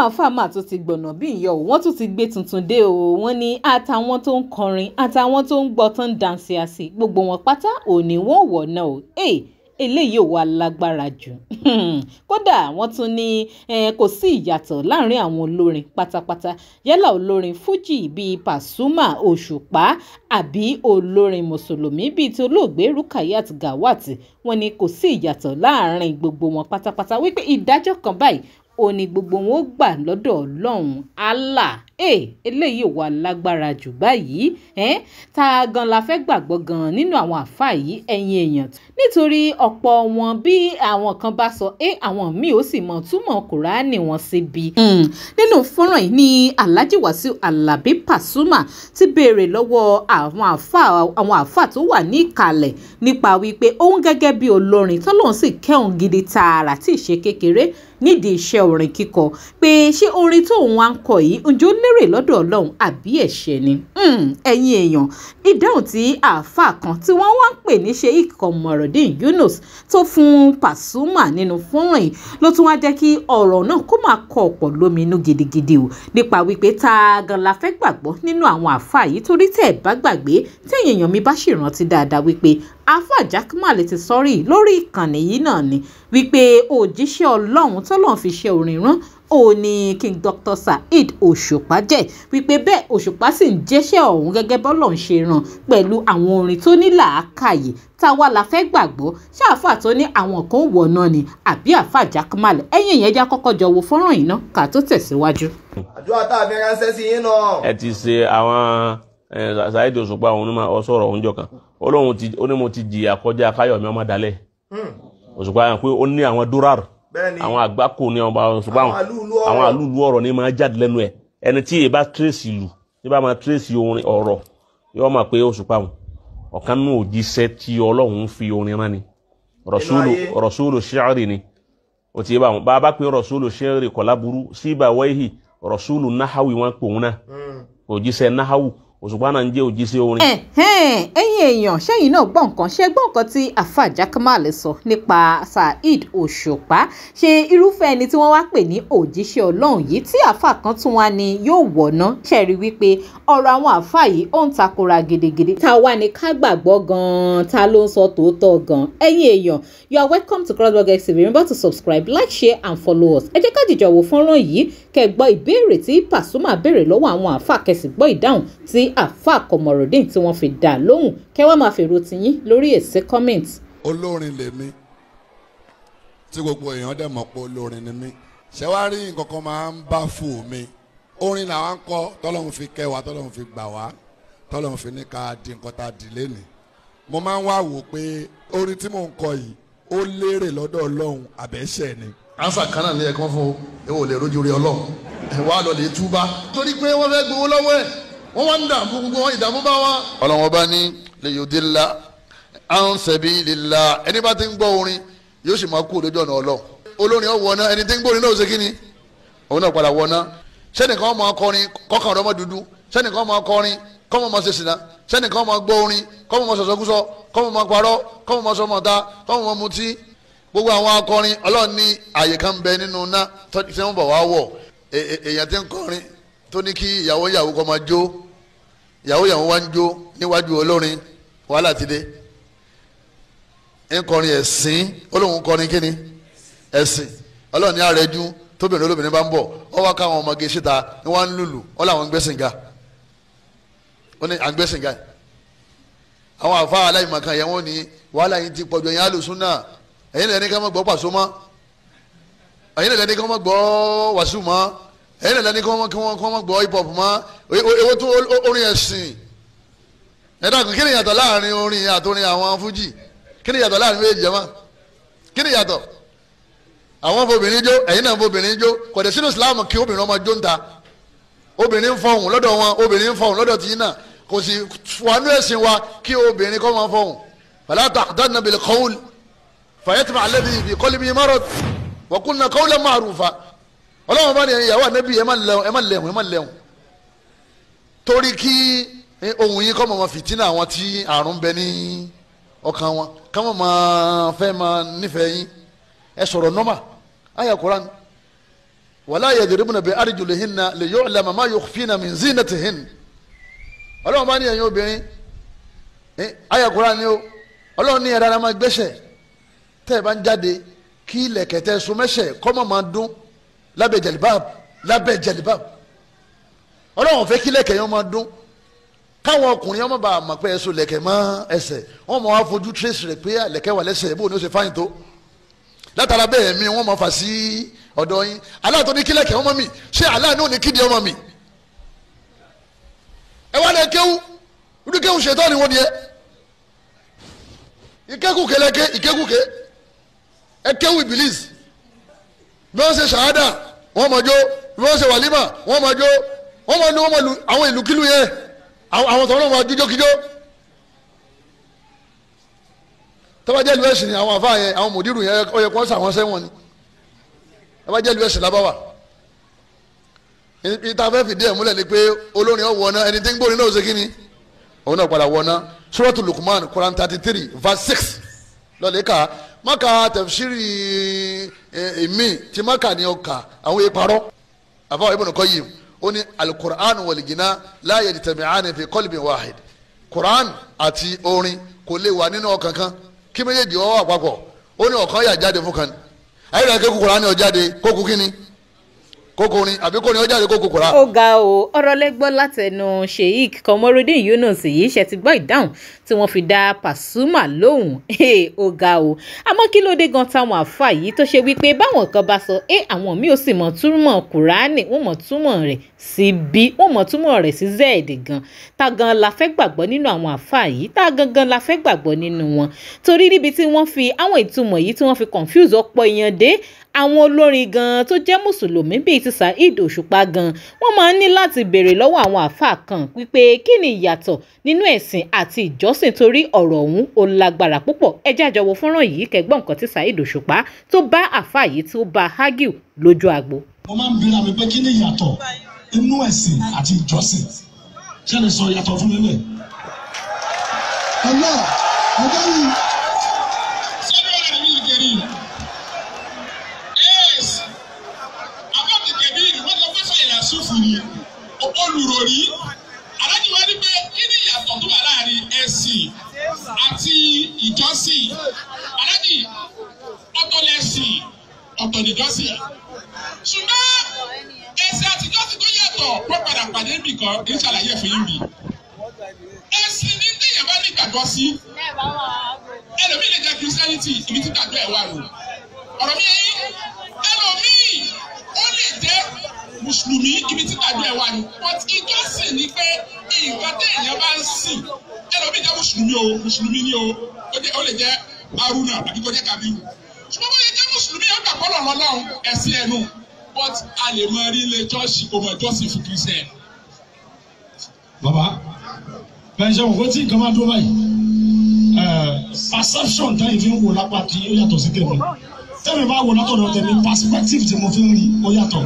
àwọn àáfàá mà tún ti gbọ̀nà bí ìyọ̀ wọ́n tún ti gbé tuntun dé o wọ́n ní àtàwọn tó ń kọrin àtàwọn tó ń gbọ́ tó ń dànsì àsì gbogbo wọn pátá òní wọ́n wọ̀ náà o eh, eléyìí ò wá lágbára jù kódà wọ́n tún ní kò sí ìyàtọ̀ láàrin àwọn olórin pátápátá yálà olórin fújì bíi Pasuma Òṣùpá àbí olórin mùsùlùmí bíi ti olóògbé Rukayat Gawat wọ́n ní kò sí ìyàtọ̀ láàrin gbogbo wọn pátápátá wípé ìdájọ́ kan báyìí ó ní gbogbo wọn ó gbà lọ́dọ̀ ọlọ́run allah eh, ẹ eléyìí wà lágbára jù báyìí eh a gan la fẹ́ gbàgbọ́ gan nínú àwọn àfáà yìí ẹ̀yin èèyàn nítorí ọ̀pọ̀ wọn bí àwọn kan bá sọ ẹ eh, àwọn míì ó sì mọ túmọ̀ kùránì wọn síbi. Hmm. nínú fọ́nrán yìí ni alhaji wasiu alabi pasuma ti béèrè lọ́wọ́ àwọn àfáà tó wà ní ìkàlẹ̀ nípa wípé òun gẹ́gẹ́ bí olórin tọ́lọ́run sì kẹ́hùn gidi tààrà tí ì ṣe kékeré nídìí iṣẹ́ orin kíkọ pé ṣé orin tóun wá ń kọ yìí ǹjẹ́ ó lérè lọ́dọ̀ ọlọ́run àbí ẹ̀ṣẹ̀ ni hmm, ẹ̀yin èèyàn ìdáhùn tí àáfàá kan tí wọ́n wá ń pè ní Sheikh Komorudeen Yunus tó fún Pasuma nínú fọ́nrán yìí ló tún wá jẹ́ kí ọ̀rọ̀ náà kó máa kọ ọ̀pọ̀ lóminú gidigidi o nípa wípé tá a gan fẹ́ gbàgbọ́ nínú àwọn àáfàá yìí torí tẹ́ bá gbàgbé tẹ́yìn mi bá ṣèrántí dáadáa wípé afa jakmale ti sọrí lórí ìkànnì yìí náà ni wípé òjíṣẹ́ ọlọ́run tọ́lọ́run fi ṣe òrìn rán ó ní king dr saheed òṣùpá jẹ́ wípé bẹ́ẹ̀ òṣùpá sì ń jẹ́ṣẹ́ ọ̀hún gẹ́gẹ́ bọ́lọ̀ ń ṣe ràn pẹ̀lú àwọn orin tó ní làákàyè táwa la fẹ́ gbàgbọ́ ṣé àáfà tó ní àwọn kan wọ̀ náà ni àbí àáfà jakmal ẹ̀yìn ìyẹn já kọ́kọ́ jọ wo fọ́nrán yìí náà ká tó tẹ̀síwájú. àdúrà tá a fi ránṣẹ́ sí yín náà. ẹ ti ṣe àwọn saheed òṣùpá òun ní ma ọ sọ̀rọ̀ òun jọ kan olóhun ti ó ní mo ti jìyà kọjá káyọ̀mí ọmọ dalẹ̀ hmm. òṣùpá yẹn pé ó ní àwọn dúrárù àwọn àgbákò ní ọba òṣùpá wọn àwọn àlúlu ọ̀rọ̀ ní máa jáde lẹ́nu ẹ̀ ẹni tí èèbá tírèsì lù tí bá máa tírèsì orin ọ̀rọ̀ yóò máa pé òṣùpá wọn ọ̀kan nù òjíṣẹ́ tí ọlọ́run fi orin rán ni rọ̀ṣúlù ṣẹ́ẹ̀rì ni ó ti yé báwọn bá a bá pé rọ̀ṣúlù ṣẹ́ẹ̀rì kọ̀láburú síbà wáyé rọ̀ṣúlù náháwì wọn pòun náà hmm. òjíṣẹ́ náháwì òṣùpá náà ń jẹ́ òjíṣẹ́ orin. ẹ̀yin èèyàn ṣẹ́yìn náà gbọ́ nǹkan ṣe gbọ́ nǹkan tí afa jakamal sọ nípa saheed òṣùpá ṣe irúfẹ́ ẹni tí wọ́n wá pè ní òjíṣẹ́ ọlọ́run yìí tí afa kan tún wá ní yóò wọ̀nà ṣẹ̀rí wípé ọ̀rọ̀ àwọn afa yìí ó ń takora gidigidi ta wá ní ká gbàgbọ́ gan-an ta ló ń sọ tòótọ́ gan-an ẹ̀yin èèyàn you are welcome to crossblog xtv remember to subscribe like share and follow us ẹ jẹ́ ká jìjọ wo fọ́nrán yìí kẹ́ gbọ́ ìbéèrè tí Pasuma béèrè lọ́wọ́ àwọn àfa kẹ́sì gbọ́ ìdáhùn tí àfa Komorudeen tí wọ́n fi dá lóhùn kẹ́ máa fèrò tiyín lórí èsì comment. olórin lèmi tí gbogbo èèyàn dẹ̀ mọ̀ pé olórin ni mí ṣé wàá rí nǹkan kan máa ń bá fò mi orin làwọn kọ tọ́lọ́run fi kẹ́ wa tọ́lọ́run fi gbà wá tọ́lọ́run fi ní ká di nǹkan tá dì lẹ́nìí mo máa ń wá wò pé orin tí mò ń kọ yìí ó lérè lọ́dọ̀ ọlọ́run àbẹ́ṣẹ̀ ni. ansa kan náà ni ẹ̀kan fún o èwo lè rojú rí ọlọ́run wàá lọ lè túbá. torí pé wọ́n fẹ́ gbowó lọ́wọ́ ẹ̀ wọ́n wá ń dààmú gbogbo wọn ìdààmú bá wa. ọlọ́run ọba ní lè yóò dé la àwọn sẹ̀bi lè la ẹni bá ti ń gbọ́ orin yóò sì máa kú òdojú ọ̀nà ọlọ́run olórin ọ̀wọ́ náà ẹni tí ń gbórin náà ó ṣe kí ni òun náà padà wọ̀ náà sẹ́nìkan ọmọ akọrin kọ́kàn ọ̀dọ́mọ dúdú sẹ́nìkan ọmọ akọrin kọ́mọ ọmọ ṣe sìnà sẹ́nìkan ọmọ gbọ́ orin kọ́mọ ọmọ sọ̀sọ́kúsọ kọ́mọ ọmọ parọ́ kọ́mọ ọmọ sọmọta kọ́mọ ọmọ mutí gbogbo àwọn akọrin ọlọ́run àyè kan bẹ nínú ná tí wọ́n bọ̀ wá wọ̀ èèyàn ti ń kọrin tó ní kí ìyàwó ìyàwó kọ́ máa jó ìyàwó ìyàwó wá ń jó níwájú olórin wàhálà ti dé ń kọrin ẹ̀sìn olóhùn kọrin kíni ẹ̀sìn ọlọ́run ní àrẹ́jú tóbìnrin olóbìnrin bá ń bọ̀ ọ káwọn ọmọge síta ni wọ́n ń lùlù ọ làwọn ń gbẹ́sìn ga ó ní à ń gbẹ́sìn ga àwọn àfa aláìmọ̀kan yẹn wọ́n ní wàhálà yìí ti pọ̀jù ẹ̀yìn alùsùn náà ẹ̀yìn lẹ́ni ká má gbọ́ pàṣọ mọ́ ẹ̀yìn lẹ́ni ká má gbọ́ wàṣù mọ́ ẹ̀yin nàlẹ́ ni kí wọ́n kí wọ́n kí wọ́n gbọ́ hip hop mọ́ e-, e-, ewé tó orin ẹ̀sìn ẹ̀dá kan kí ni yàtọ̀ láàrin orin àtorin àwọn fújì kí ni yàtọ̀ láàrin méjì jẹ́mọ́ kí ni yàtọ̀ àwọn fobìnrin jó ẹ̀yin náà fobìnrin jó kọ̀dẹ̀ sínú Islam kí obìnrin ọmọ jó ń ta obìnrin fọhùn lọ́dọ̀ wọn obìnrin fọhùn lọ́dọ̀ tìyín náà kò sì wọnú ẹ̀sìn wa kí obìnrin kọ́ máa fọhùn fala ta'danna bil qawl fayatma alladhi fi qalbi marad wa qulna qawlan ma'rufa ọlọ́run bá ní ìyàwó ànábì ẹ má lẹ́hùn ẹ má lẹ́hùn ẹ má lẹ́hùn torí kí ohun yìí kọ́ mọ̀ mọ́ fìtínà àwọn tí àrùn bẹ ní ọkàn wọn ká mọ̀ máa fẹ́ máa nífẹ̀ẹ́ yín ẹ sọ̀rọ̀ nọ́mà àyà koran wàlá yadribna bi arjulihinna li yu'lama ma yukhfina min zinatihin ọlọ́run bá ní ẹ̀yin obìnrin àyà koran ni o ọlọ́run ní ẹ̀rọ ara máa gbẹ́sẹ̀ tẹ́ ẹ bá ń jáde kí ilẹ̀kẹ̀tẹ̀ sumẹ́sẹ̀ kọ́ mọ̀ máa dún lábẹ́ jẹ̀lìbáàbù lábẹ́ jẹ̀lìbáàbù ọlọ́run fẹ́ kí lẹ́kẹ̀ẹ́ yẹn máa dún káwọn ọkùnrin ọmọ bá àmọ̀ pé ẹ̀sùn lẹ̀kẹ̀ mọ́ ẹsẹ̀ wọ́n mọ̀ wá fojú trace rẹ̀ pé lẹ̀kẹ̀ wà lẹ́sẹ̀ bó ni ó ṣe fáyìn tó látara bẹ́ẹ̀ mi wọ́n mọ̀ fà sí ọ̀dọ̀ yín aláà tó ní kí lẹ̀kẹ̀ ọmọ mi ṣé aláà ní ò ní kídi ọmọ mi ẹ wá lẹ kéwú irú kéwú ṣètọ́ ni wọ́n ni ẹ ìkékùké lẹ́kẹ́ ìkékùké ẹ kéwú ibilis bí wọ́n ṣe ṣàádà wọ́n mọ̀ jó bí wọ́n ṣe wàlímà wọ́n mọ̀ jó wọ́n mọ̀ lu wọ́n mọ̀ lu àwọn ìlúkílù yẹn àwọn tọ̀wọ́n mọ̀ jójókíjó tọ́bajẹ́ lu ẹ̀sìn ni àwọn àfa yẹn àwọn mòdìrú yẹn ó yẹ kó sàwọn sẹ́wọ̀n ni tọ́bajẹ́ lu ẹ̀sìn lábáwà ìta fẹ́ fìdí ẹ̀ múlẹ̀ ni pé olórin ọ̀ wọ̀ọ́ná ẹni tí ń gbórin náà ṣe kí ni òun náà padà wọ̀ọ́ná Suratul Luqman Quran thirty three verse six lọ́ọ̀lẹ́ka maka tafsiri èmi eh, tí maka ni ọkà àwọn ìparọ́ àfọwọ́ Ibn Qayyim ó ní alukur'an wàlìgínà la yajtami'ani fi qalbin wahid kur'an àti orin kò lè wà nínú ọkàn kan kí méjèèjì wọ́n wà papọ̀ ó ní ọ̀kan yà jáde fún kan ayélujára kékeré kur'an yà jáde kókù kínni kókòrin àbí kò ní ọjà àdékò kòkòrà. ó ga o ọ̀rọ̀ lẹ́gbọ́ látẹnu sheik Komorudeen Yunus yìí ṣe ti gbọ́ ìdáhùn tí wọ́n fi dá Pasuma lóhùn ó ga o àmọ́ kí ló dé gan táwọn àfa yìí tó ṣe wípé báwọn kan bá sọ ẹ àwọn míì ò sì mọ̀ túmọ̀ kùránì wọ́n mọ̀ túmọ̀ rẹ̀ sí bí wọ́n mọ̀ túmọ̀ rẹ̀ sí zẹ́ẹ̀dì gan ta gan la fẹ́ gbàgbọ́ nínú àwọn àfa yìí ta gangan la fẹ́ gbàgbọ́ nínú wọn torí níbi tí wọ́n fi àwọn ìtumọ̀ yìí tí wọ́n fi confuse ọ̀pọ̀ èèyàn dé àwọn olórin gan-an tó jẹ́ mùsùlùmí bíi ti Saheed Òṣùpá gan-an wọ́n máa ń ní láti béèrè lọ́wọ́ àwọn àáfàá kan wípé kí ni ìyàtọ̀ nínú ẹ̀sìn àti ìjọsìn torí ọ̀rọ̀ ọ̀hún ò lágbára púpọ̀ ẹ jẹ́ àjọwò fọ́nrán yìí kẹ́gbọ́n nǹkan tí Saheed Òṣùpá tó bá àáfàá yìí tó bá hagiu lójú agbo. mo máa ń bèèrè àmì pé kí ni ìyàtọ̀ nínú ẹ̀sìn àti ìjọsìn ṣé ẹ lè sọ ìyàtọ̀ fún mi mẹ́. ọ̀la ọ̀gá yìí olùròrí aláàjì wa ní pé kí ni ìyàtọ̀ tó wà láàrin ẹ̀sìn àti ìjọsìn aláàjì ọ̀tọ̀ lẹ̀sìn ọ̀tọ̀ nìjọsìn ṣùgbọ́n ẹ̀sìn àti ìjọsìn tó yàtọ̀ wọ́n padà pàdé níbì kan kì í ṣàlàyé fún yín bí ẹ̀sìn ní téèyàn bá ní ìgbàgbọ́ sí ẹlòmíì lè jẹ́ christianity ibi tí gbàgbọ́ ẹ̀ wà lò ọ̀rọ̀ mi yẹn mùsùlùmí ibi tí gbàgbé ẹ̀ wà ní. but ìjọsìn ni pé nǹkan téèyàn bá ń sìn ẹlòmí jẹ́ mùsùlùmí o mùsùlùmí ni o ó lè jẹ́ haruna àbí kó jẹ́ kabiru. ṣùgbọ́n bóyá jẹ́ mùsùlùmí yóò gbà pọ́lọ̀ lọ́lọ́run ẹ̀sìn ẹ̀nu but a lè mọ rí ilé jọ́ọ̀ṣì kò mọ̀ jọ́ọ̀ṣì fún kìrìsìtẹ́nì. bàbá bẹ́ńsẹ̀ wò ó tí nǹkan máa dúró báyìí perception táyì fi ń wò lápá tí ó yàtọ̀ sí tèmi tèmi bá wò látọ̀dọ̀ tèmi perspective tí mo fi ń rí ó yàtọ̀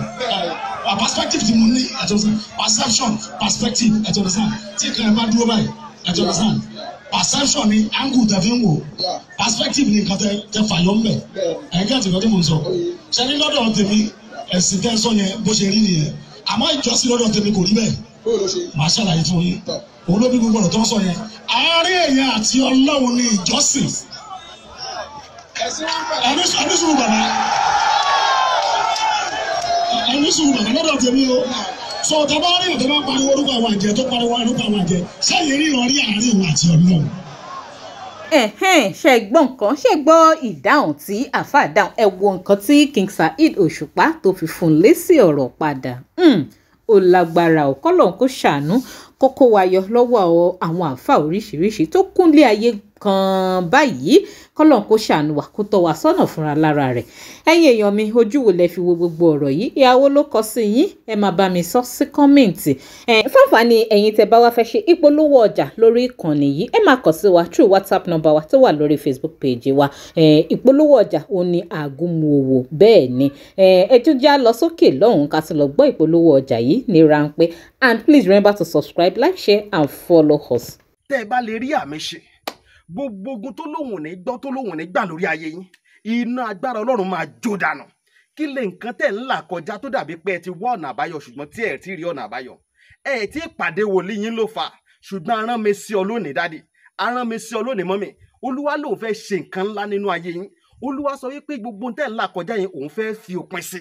perspective ti mo ní ẹ ti understand perception perspective ẹ ti understand tí nǹkan ẹ bá dúró báyìí ẹ ti understand perception ni angle tẹ fi ń wò perspective ni nǹkan tẹ fàyọ ń bẹ ẹ ń gẹ́tì lọ́dún mo ń sọ oh, ṣe ní lọ́dọ̀ tèmi ẹ̀sìn tẹ́ sọ yẹn bó ṣe rí nìyẹn àmọ́ ìjọsìn lọ́dọ̀ tèmi kò rí bẹ́ẹ̀ màá ṣàlàyé fún yín òun ló bí gbogbo ọ̀rọ̀ tó ń sọ yẹn àárín èèyàn àti Ọlọ́run ni ìjọsìn ẹni sùúrù bàbá ẹni sùúrù ẹ̀ lọ́dọ̀ tèmi o sọ ọ̀tá bá rí ọ̀tá bá pariwo orúkọ àwọn àjẹ tó pariwo orúkọ àwọn àjẹ sẹ́yìn rí ìrọ̀rí àárín ìwà àti ọlọ́run. ẹ̀hẹ́n ṣe gbọ́ nǹkan ṣe gbọ́ ìdáhùn tí àfa dáhùn ẹ wo nǹkan tí King Saheed Òṣùpá tó fi fún un lésì ọ̀rọ̀ padà hmm, ó lágbára ò kọ́lọ́n kó ṣàánú kó kó wa yọ lọ́wọ́ àwọn àáfàá oríṣiríṣi tó kúnlé ayé kan báyìí kọ́lọ̀ kó ṣàánú wa kó tọ́ wa sọ́nà fúnra lára rẹ̀ ẹ̀yin èèyàn mi ojú wo lẹ fi wo gbogbo ọ̀rọ̀ yìí ìyàwó ló kọ sí yín ẹ máa bá mi sọ sí kọ́mẹ̀ǹtì fáfàní ẹ̀yin tẹ bá wá fẹ́ ṣe ìpolówó ọjà lórí ìkànnì yìí ẹ máa kọ sí wa true whatsapp number wa tó wà lórí facebook page wa ìpolówó ọjà ò ní àgùnmu òwò bẹ́ẹ̀ ni ẹ tún já lọ sókè lọ́hùn-ún ká tún lọ gbọ́ ìpolówó ọjà yìí ní ráńpẹ́ and please remember to subscribe subscribe like share and follow us. tẹ́ ẹ bá lè rí àmì ṣe gbogbo ogun tó lóhùn ní gbọ́ tó lóhùn ní gbà lórí ayé yín iná agbára ọlọ́run máa jó dànù kí lè nǹkan tẹ̀ ń là kọjá tó dàbí pé ẹ ti wá ọ̀nà àbáyọ ṣùgbọ́n tí ẹ ti rí ọ̀nà àbáyọ ẹ ti pàdé wòlíì yín ló fà ṣùgbọ́n arán mi sí ọ lónìí dádì arán mi sí ọ lónìí mọ́mì olúwa lòun fẹ́ ṣe nǹkan ńlá nínú ayé yín olúwa sọ wípé gbogbo tẹ̀ ń là kọjá yẹn òun fẹ́ fi òpin sí